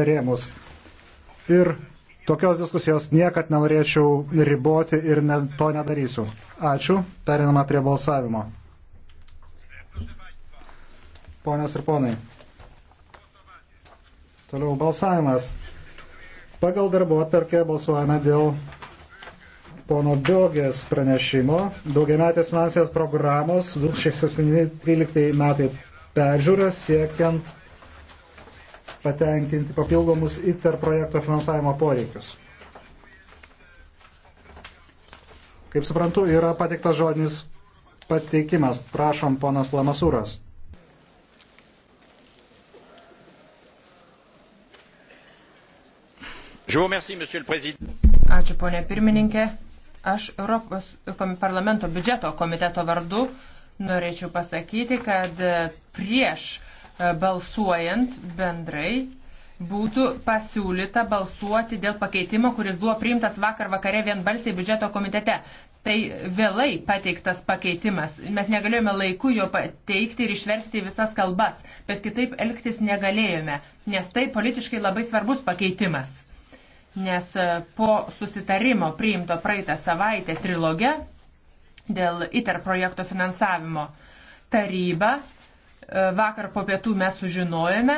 rėmus. Ir tokios diskusijos niekad nenorėčiau riboti ir ne, to nedarysiu. Ačiū. Perinama prie balsavimo. Ponios ir ponai. Toliau balsavimas. Pagal darbo atverkę balsuojame dėl pono Diogės pranešimo, daugiametės finansės programos 2013 metai peržiūras siekiant patenkinti papildomus ITER projekto finansavimo poreikius. Kaip suprantu, yra pateiktas žodinis pateikimas. Prašom, ponas Lamasūras. Ačiū, ponė pirmininkė. Aš Europos parlamento biudžeto komiteto vardu norėčiau pasakyti, kad prieš uh, E, balsuojant bendrai būtų pasiūlyta balsuoti dėl pakeitimo, kuris buvo priimtas vakar vakare vienbalsiai biudžeto komitete. Tai vėlai pateiktas pakeitimas. Mes negalėjome laiku jo pateikti ir išversti visas kalbas, bet kitaip elgtis negalėjome, nes tai politiškai labai svarbus pakeitimas. Nes e, po susitarimo priimto praeitą savaitę triloge dėl ITER projekto finansavimo taryba vakar po pietų mes sužinojome,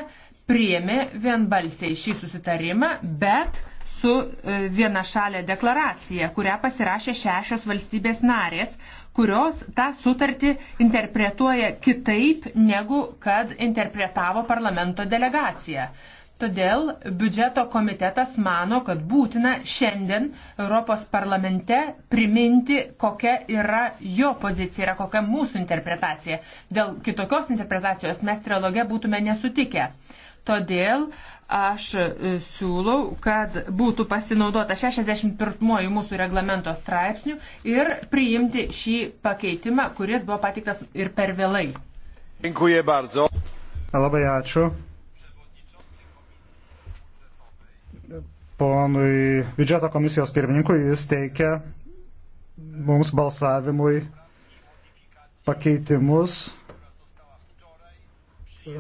priemi vienbalsiai šį susitarimą, bet su e, viena šalė deklaracija, kurią pasirašė šešios valstybės narės, kurios tą sutartį interpretuoja kitaip, negu kad interpretavo parlamento delegacija. Todėl biudžeto komitetas mano, kad būtina šiandien Europos parlamente priminti, kokia yra jo pozicija, yra kokia mūsų interpretacija. Dėl kitokios interpretacijos mes trilogė būtume nesutikę. Todėl aš e, siūlau, kad būtų pasinaudota 61 mūsų reglamento straipsnių ir priimti šį pakeitimą, kuris buvo patiktas ir per vėlai. Labai ačiū. ponui biudžeto komisijos pirmininkui, jis teikia mums balsavimui pakeitimus, e,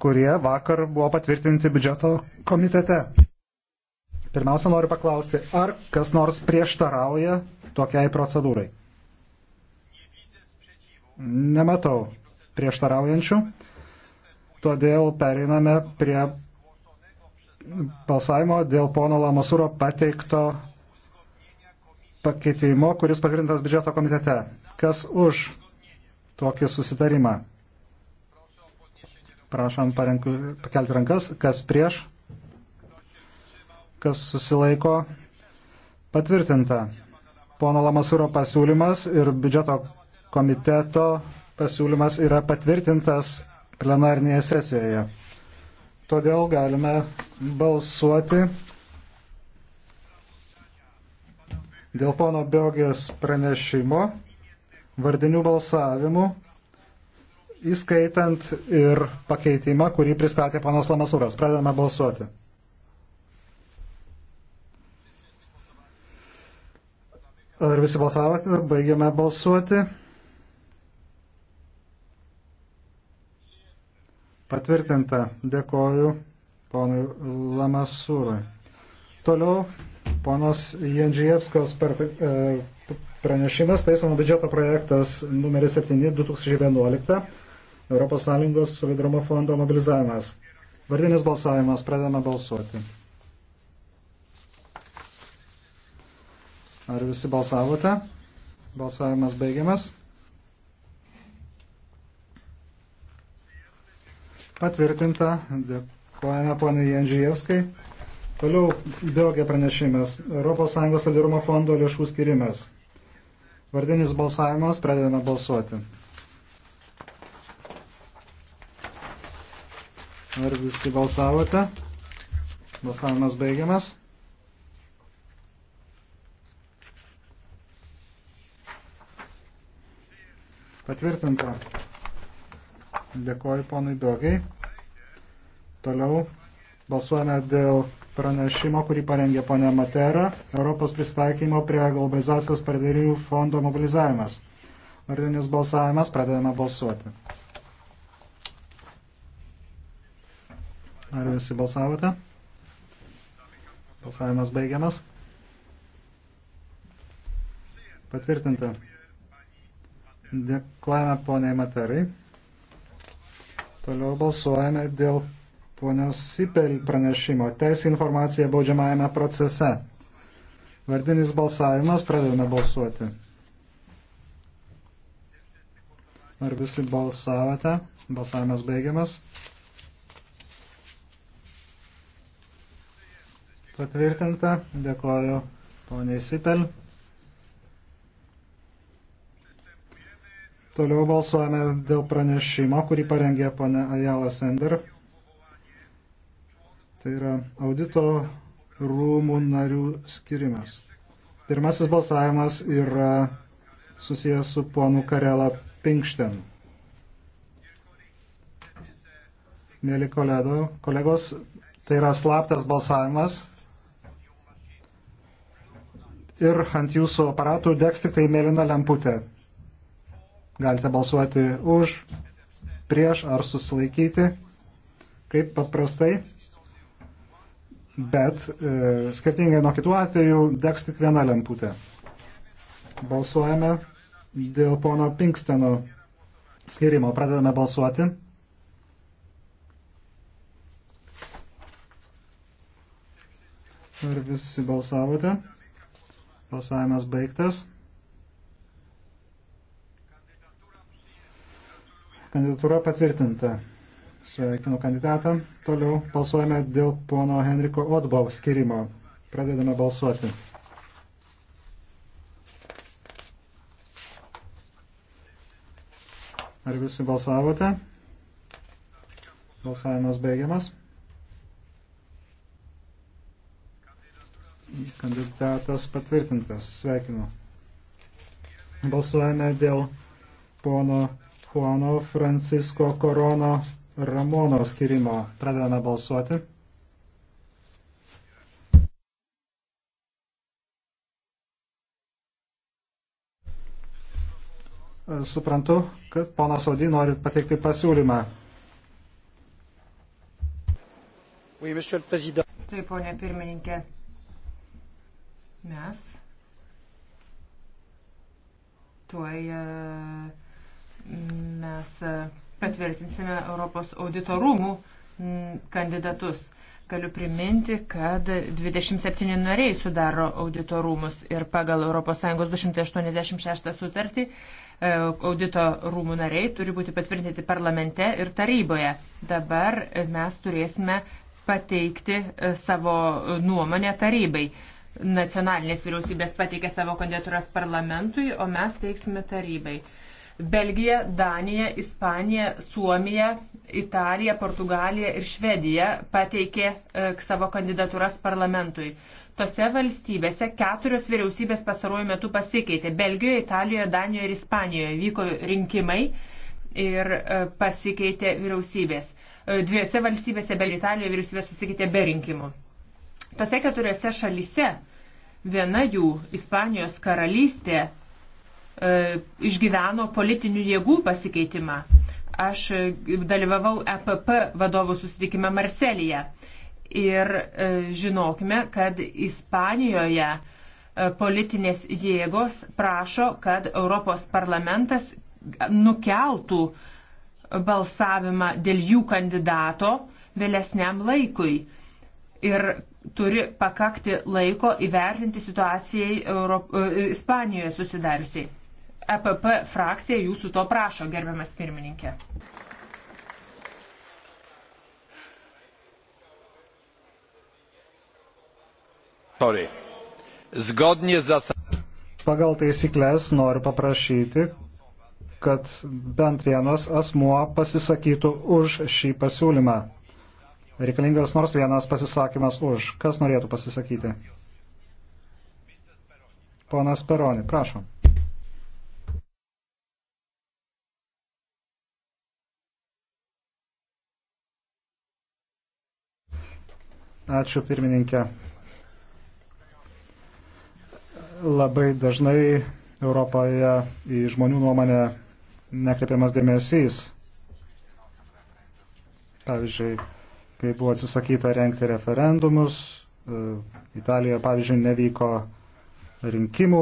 kurie vakar buvo patvirtinti biudžeto komitete. Pirmiausia, noriu paklausti, ar kas nors prieštarauja tokiai procedūrai? Nematau prieštaraujančių, todėl pereiname prie balsavimo dėl pono Lamasūro pateikto pakeitimo, kuris patvirtintas biudžeto komitete. Kas už tokį susitarimą? Prašom parenku, pakelti rankas. Kas prieš? Kas susilaiko? Patvirtinta. Pono Lamasūro pasiūlymas ir biudžeto komiteto pasiūlymas yra patvirtintas plenarnėje sesijoje. Todėl galime balsuoti dėl pono Biogės pranešimo vardinių balsavimų, įskaitant ir pakeitimą, kurį pristatė panas Lamasūras. Pradedame balsuoti. Ar visi balsavote? Baigiame balsuoti. Patvirtinta. Dėkoju ponui Lamasūrui. Toliau ponos Jendžijevskos e, pranešimas, taisomo biudžeto projektas numeris 7 2011, ES solidarumo fondo mobilizavimas. Vardinis balsavimas, pradedame balsuoti. Ar visi balsavote? Balsavimas baigiamas. Patvirtinta. Dėkojame ponui Jendžijevskai. Toliau Biogė pranešimas. ES solidarumo fondo lėšų skirimas. Vardinis balsavimas. Pradedame balsuoti. Ar visi balsavote? Balsavimas baigiamas. Patvirtinta. Dėkoju ponui Dogai. Toliau balsuojame dėl pranešimo, kurį parengė ponė Matera, Europos pristaikymo prie globalizacijos pardavėjų fondo mobilizavimas. Vardinis balsavimas, pradedame balsuoti. Ar visi balsavote? Balsavimas baigiamas. Patvirtinta. Dėkojame poniai Materai. Toliau balsuojame dėl ponios Sipel pranešimo. Teisė informacija baudžiamajame procese. Vardinis balsavimas, pradedame balsuoti. Ar visi balsavote? Balsavimas baigiamas. Patvirtinta. Dėkoju poniai Sipel. Toliau balsuojame dėl pranešimo, kurį parengė pane Ajala Sender. Tai yra audito rūmų narių skirimas. Pirmasis balsavimas yra susijęs su ponu Karela Pinkšten. Mėly kolego, kolegos, tai yra slaptas balsavimas. Ir ant jūsų aparatų degs tik tai mėlyna lemputė. Galite balsuoti už, prieš ar susilaikyti, kaip paprastai. Bet e, skirtingai nuo kitų atvejų degs tik viena lemputė. Balsuojame dėl pono Pinksteno skirimo. Pradedame balsuoti. Ar visi balsavote? Balsavimas baigtas. Kandidatūra patvirtinta. Sveikinu kandidatą. Toliau balsuojame dėl pono Henriko Otbov skirimo. Pradedame balsuoti. Ar visi balsavote? Balsavimas baigiamas. Kandidatas patvirtintas. Sveikinu. Balsuojame dėl pono Juano Francisco Korono Ramono skirimo. Pradedame balsuoti. Suprantu, kad ponas Audy nori pateikti pasiūlymą. Taip, ponė pirmininkė. Mes tuoj uh, mes e, patvirtinsime Europos audito rūmų kandidatus. Galiu priminti, kad 27 nariai sudaro audito rūmus ir pagal ES 286 sutartį e, audito rūmų nariai turi būti patvirtinti parlamente ir taryboje. Dabar mes turėsime pateikti e, savo nuomonę tarybai. Nacionalinės vyriausybės pateikė savo kandidatūras parlamentui, o mes teiksime tarybai. Belgija, Danija, Ispanija, Suomija, Italija, Portugalija ir Švedija pateikė e, savo kandidatūras parlamentui. Tose valstybėse keturios vyriausybės pasaruoju metu pasikeitė. Belgijoje, Italijoje, Danijoje ir Ispanijoje vyko rinkimai ir e, pasikeitė vyriausybės. E, dviejose valstybėse, Belgijoje, Italijoje vyriausybės pasikeitė be rinkimų. Tose keturiose šalyse viena jų, Ispanijos karalystė, E, išgyveno politinių jėgų pasikeitimą. Aš e, dalyvavau EPP vadovų susitikime Marselyje ir e, žinokime, kad Ispanijoje politinės jėgos prašo, kad Europos parlamentas nukeltų balsavimą dėl jų kandidato vėlesniam laikui. Ir turi pakakti laiko įvertinti situacijai Europ... Ispanijoje susidariusiai. EPP frakcija jūsų to prašo, gerbiamas pirmininkė. Sorry. Zgodnie z zasadami. Pagal taisyklės noriu paprašyti, kad bent vienas asmuo pasisakytų už šį pasiūlymą. Reikalingas nors vienas pasisakymas už. Kas norėtų pasisakyti? Ponas Peroni, prašom. Ačiū pirmininkė. Labai dažnai Europoje į žmonių nuomonę nekreipiamas dėmesys. Pavyzdžiui, kai buvo atsisakyta renkti referendumus, e, Italijoje, pavyzdžiui, nevyko rinkimų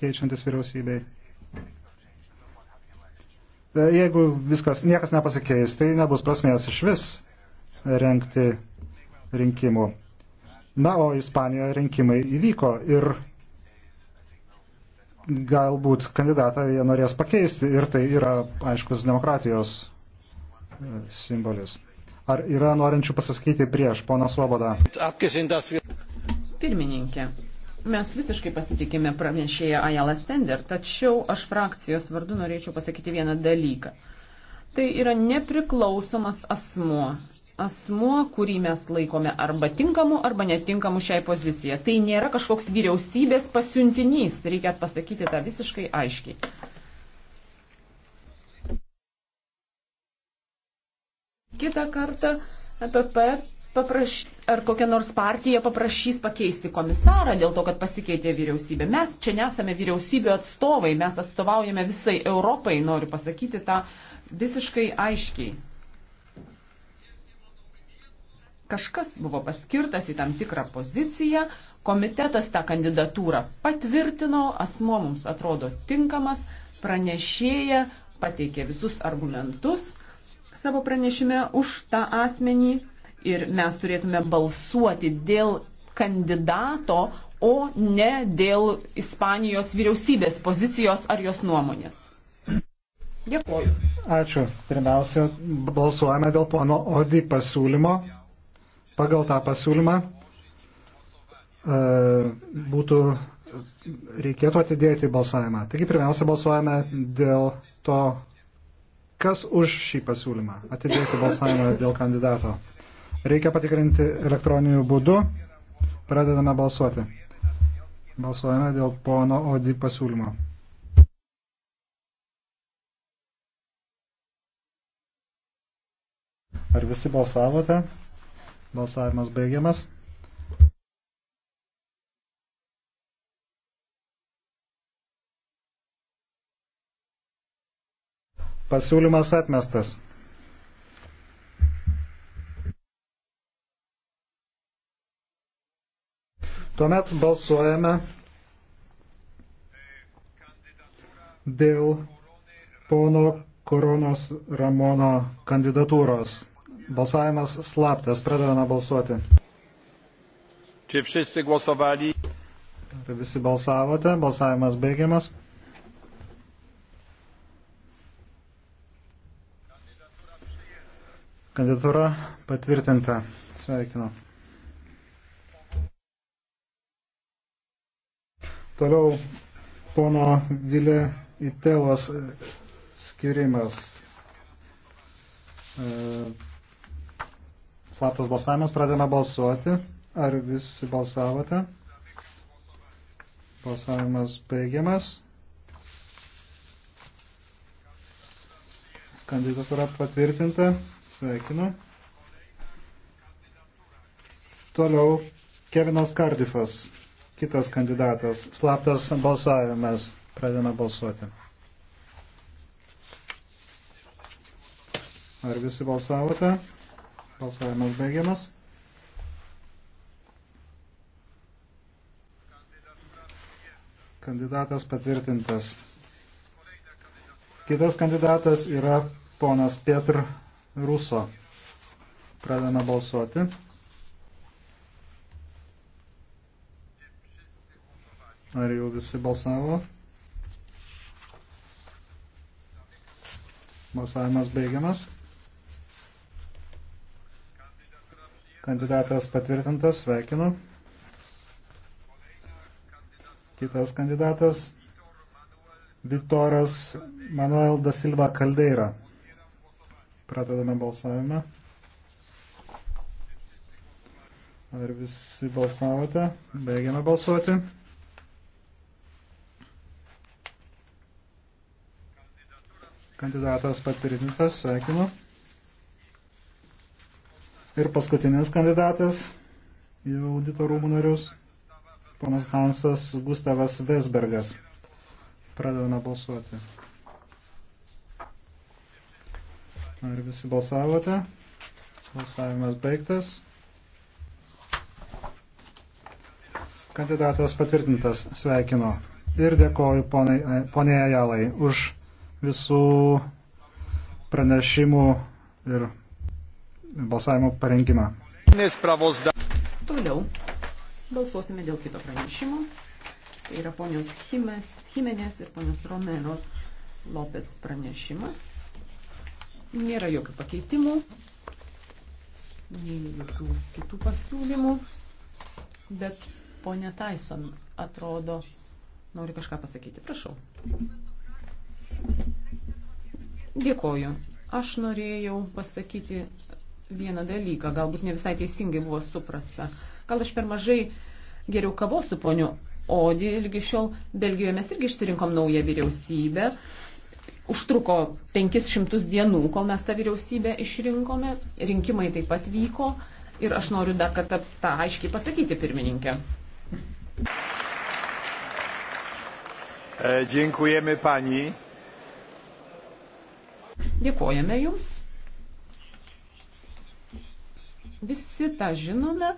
keičiantis vyriausybei. E, jeigu viskas, niekas nepasikeis, tai nebus prasmės iš vis renkti rinkimų. Na, o Ispanijoje rinkimai įvyko ir galbūt kandidatą jie norės pakeisti ir tai yra aiškus demokratijos e, simbolis. Ar yra norinčių pasakyti prieš, ponas Svoboda? Pirmininkė, mes visiškai pasitikime pranešėją Ajala Sender, tačiau aš frakcijos vardu norėčiau pasakyti vieną dalyką. Tai yra nepriklausomas asmuo asmuo, kurį mes laikome arba tinkamu, arba netinkamu šiai pozicijai. Tai nėra kažkoks vyriausybės pasiuntinys, reikia pasakyti tą visiškai aiškiai. Kita kartą PP papraš, ar kokia nors partija paprašys pakeisti komisarą dėl to, kad pasikeitė vyriausybė. Mes čia nesame vyriausybių atstovai, mes atstovaujame visai Europai, noriu pasakyti tą visiškai aiškiai kažkas buvo paskirtas į tam tikrą poziciją, komitetas tą kandidatūrą patvirtino, asmo mums atrodo tinkamas, pranešėja pateikė visus argumentus savo pranešime už tą asmenį ir mes turėtume balsuoti dėl kandidato, o ne dėl Ispanijos vyriausybės pozicijos ar jos nuomonės. Dėkuoju. Ačiū. Pirmiausia, balsuojame dėl pono Odi pasiūlymo pagal tą pasiūlymą e, būtų reikėtų atidėti balsavimą. Taigi pirmiausia balsuojame dėl to, kas už šį pasiūlymą atidėti balsavimą dėl kandidato. Reikia patikrinti elektroniniu būdu. Pradedame balsuoti. Balsuojame dėl pono Odi pasiūlymo. Ar visi balsavote? Balsavimas baigiamas. Pasiūlymas atmestas. Tuomet balsuojame dėl pono Koronos Ramono kandidatūros. Balsavimas slaptas. Pradedame balsuoti. Čia visi głosovali? Ar visi balsavote? Balsavimas baigiamas. Kandidatūra patvirtinta. Sveikinu. Toliau pono Vilė Itelos skirimas. E, Slaptas balsavimas, pradame balsuoti. Ar visi balsavote? Balsavimas baigiamas. Kandidatūra patvirtinta. Sveikinu. Toliau Kevinas Kardifas, kitas kandidatas. Slaptas balsavimas. Pradėme balsuoti. Ar visi balsavote? Balsavimas baigiamas. Kandidatas patvirtintas. Kitas kandidatas yra ponas Pietr Ruso. Pradame balsuoti. Ar jau visi balsavo? Balsavimas baigiamas. Kandidatas patvirtintas, sveikinu. Kitas kandidatas Vitoras Manuel da Silva Caldeira. Pradedame balsavimą. Ar visi balsavote? Baigiame balsuoti. Kandidatas patvirtintas, sveikinu. Ir paskutinis kandidatas į audito rūmų narius, ponas Hansas Gustavas Vesbergas. Pradedame balsuoti. Ar visi balsavote? Balsavimas baigtas. Kandidatas patvirtintas sveikino ir dėkoju poniai Ajalai už visų pranešimų ir balsavimo parengimą. Toliau balsuosime dėl kito pranešimo. Tai yra ponios Jimenės ir ponios Romero Lopės pranešimas. Nėra jokių pakeitimų, nei jokių kitų pasiūlymų, bet ponia Tyson atrodo nori kažką pasakyti. Prašau. Dėkoju. Aš norėjau pasakyti vieną dalyką, galbūt ne visai teisingai buvo suprasta. Gal aš per mažai geriau kavos su poniu Odi, ilgi šiol Belgijoje mes irgi išsirinkom naują vyriausybę. Užtruko 500 dienų, kol mes tą vyriausybę išrinkome. Rinkimai taip pat vyko. Ir aš noriu dar kartą tą aiškiai pasakyti, pirmininkė. E, dziękujemy pani. Dėkojame jums. Visi tą žinome,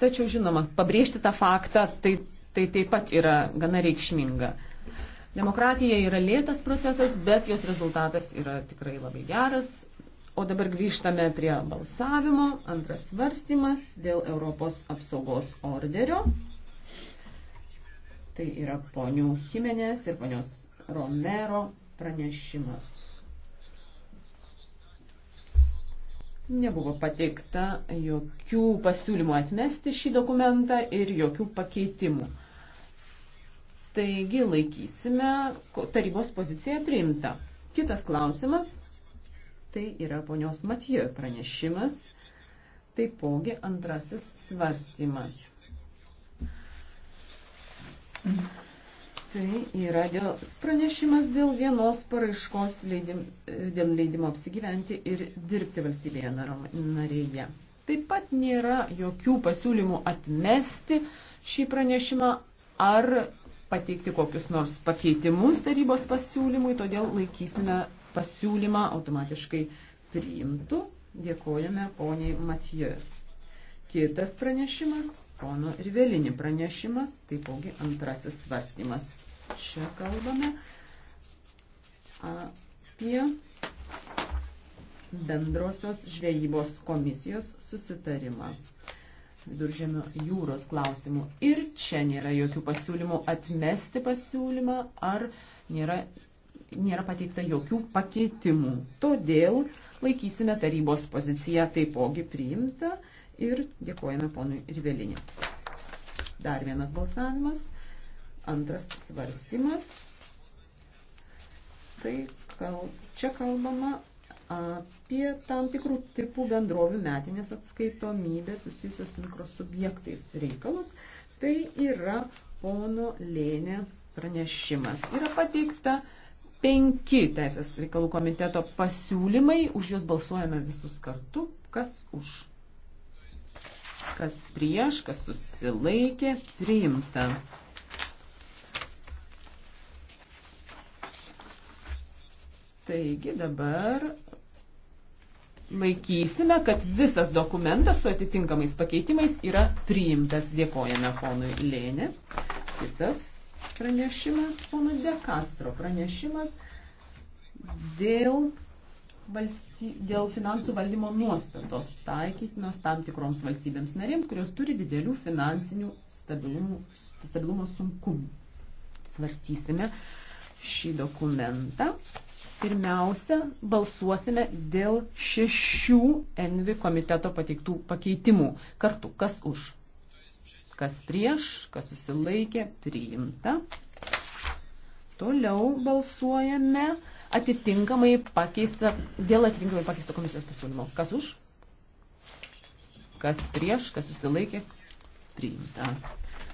tačiau žinoma, pabrėžti tą faktą tai, tai taip pat yra gana reikšminga. Demokratija yra lėtas procesas, bet jos rezultatas yra tikrai labai geras. O dabar grįžtame prie balsavimo. Antras svarstymas dėl Europos apsaugos orderio. Tai yra ponių Jimenės ir ponios Romero pranešimas. Nebuvo pateikta jokių pasiūlymų atmesti šį dokumentą ir jokių pakeitimų. Taigi laikysime tarybos poziciją priimtą. Kitas klausimas - tai yra ponios Matijo pranešimas, taipogi antrasis svarstymas. Mm. Tai yra dėl, pranešimas dėl vienos paraiškos leidim, dėl leidimo apsigyventi ir dirbti valstybėje narėje. Taip pat nėra jokių pasiūlymų atmesti šį pranešimą ar pateikti kokius nors pakeitimus tarybos pasiūlymui, todėl laikysime pasiūlymą automatiškai priimtų. Dėkojame poniai Matijai. Kitas pranešimas, pono Rivelinį pranešimas, taipogi antrasis svarstymas. Čia kalbame apie bendrosios žvejybos komisijos susitarimą viduržėmio jūros klausimų. Ir čia nėra jokių pasiūlymų atmesti pasiūlymą ar nėra, nėra pateikta jokių pakeitimų. Todėl laikysime tarybos poziciją taipogi priimta ir dėkojame ponui Rivelinį. Dar vienas balsavimas. Antras svarstymas. Tai kal, čia kalbama apie tam tikrų tipų bendrovių metinės atskaitomybės susijusios su mikrosubjektais reikalus. Tai yra pono Lėnė pranešimas. Yra pateikta penki Teisės reikalų komiteto pasiūlymai, už juos balsuojame visus kartu, kas už, kas prieš, kas susilaikė, priimta. Taigi dabar laikysime, kad visas dokumentas su atitinkamais pakeitimais yra priimtas. Dėkojame ponui Lėnė. Kitas pranešimas, pono De Castro pranešimas dėl, valsty, dėl finansų valdymo nuostatos taikytinos tam tikroms valstybėms narėms, kurios turi didelių finansinių stabilumų, stabilumo sunkumų. Svarstysime šį dokumentą. Pirmiausia, balsuosime dėl šešių Envi komiteto pateiktų pakeitimų. Kartu, kas už, kas prieš, kas susilaikė, priimta. Toliau balsuojame atitinkamai pakeista, dėl atitinkamai pakeisto komisijos pasiūlymo. Kas už, kas prieš, kas susilaikė, priimta.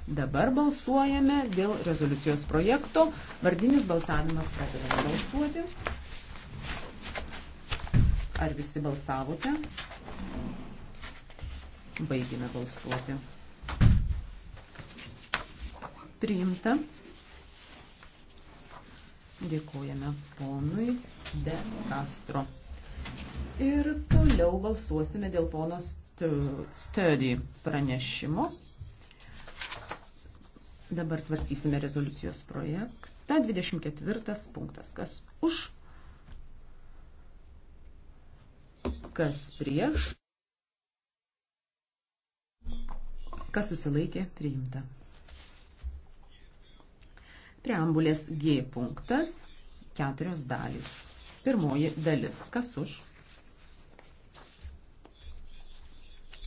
Dabar balsuojame dėl rezoliucijos projekto. Vardinis balsavimas pradedame balsuoti. Ar visi balsavote? Baigime balsuoti. Priimta. Dėkojame ponui De Castro. Ir toliau balsuosime dėl ponos Sturdy pranešimo. Dabar svarstysime rezoliucijos projektą. 24 punktas. Kas už? Kas prieš? Kas susilaikė? Priimta. Preambulės G punktas. Keturios dalys. Pirmoji dalis. Kas už?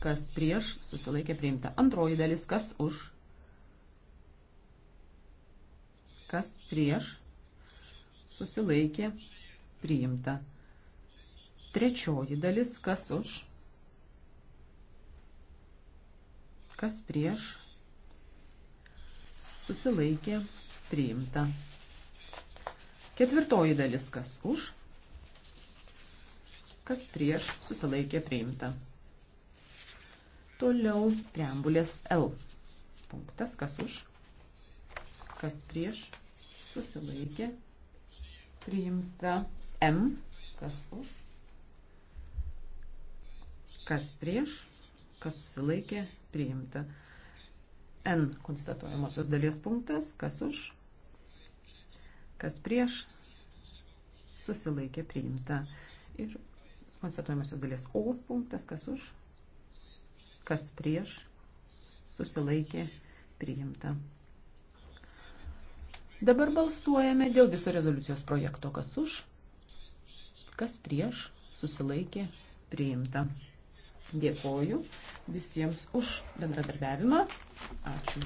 Kas prieš? Susilaikė priimta. Antroji dalis. Kas už? kas prieš, susilaikė, priimta. Trečioji dalis, kas už, kas prieš, susilaikė, priimta. Ketvirtoji dalis, kas už, kas prieš, susilaikė, priimta. Toliau preambulės L. Punktas, kas už, kas prieš, susilaikė, priimta M, kas už, kas prieš, kas susilaikė, priimta. N konstatuojamosios dalies punktas, kas už, kas prieš, susilaikė, priimta. Ir konstatuojamosios dalies O punktas, kas už, kas prieš, susilaikė, priimta. Dabar balsuojame dėl viso rezoliucijos projekto. Kas už, kas prieš, susilaikė, priimta. Dėkoju visiems už bendradarbiavimą. Ačiū.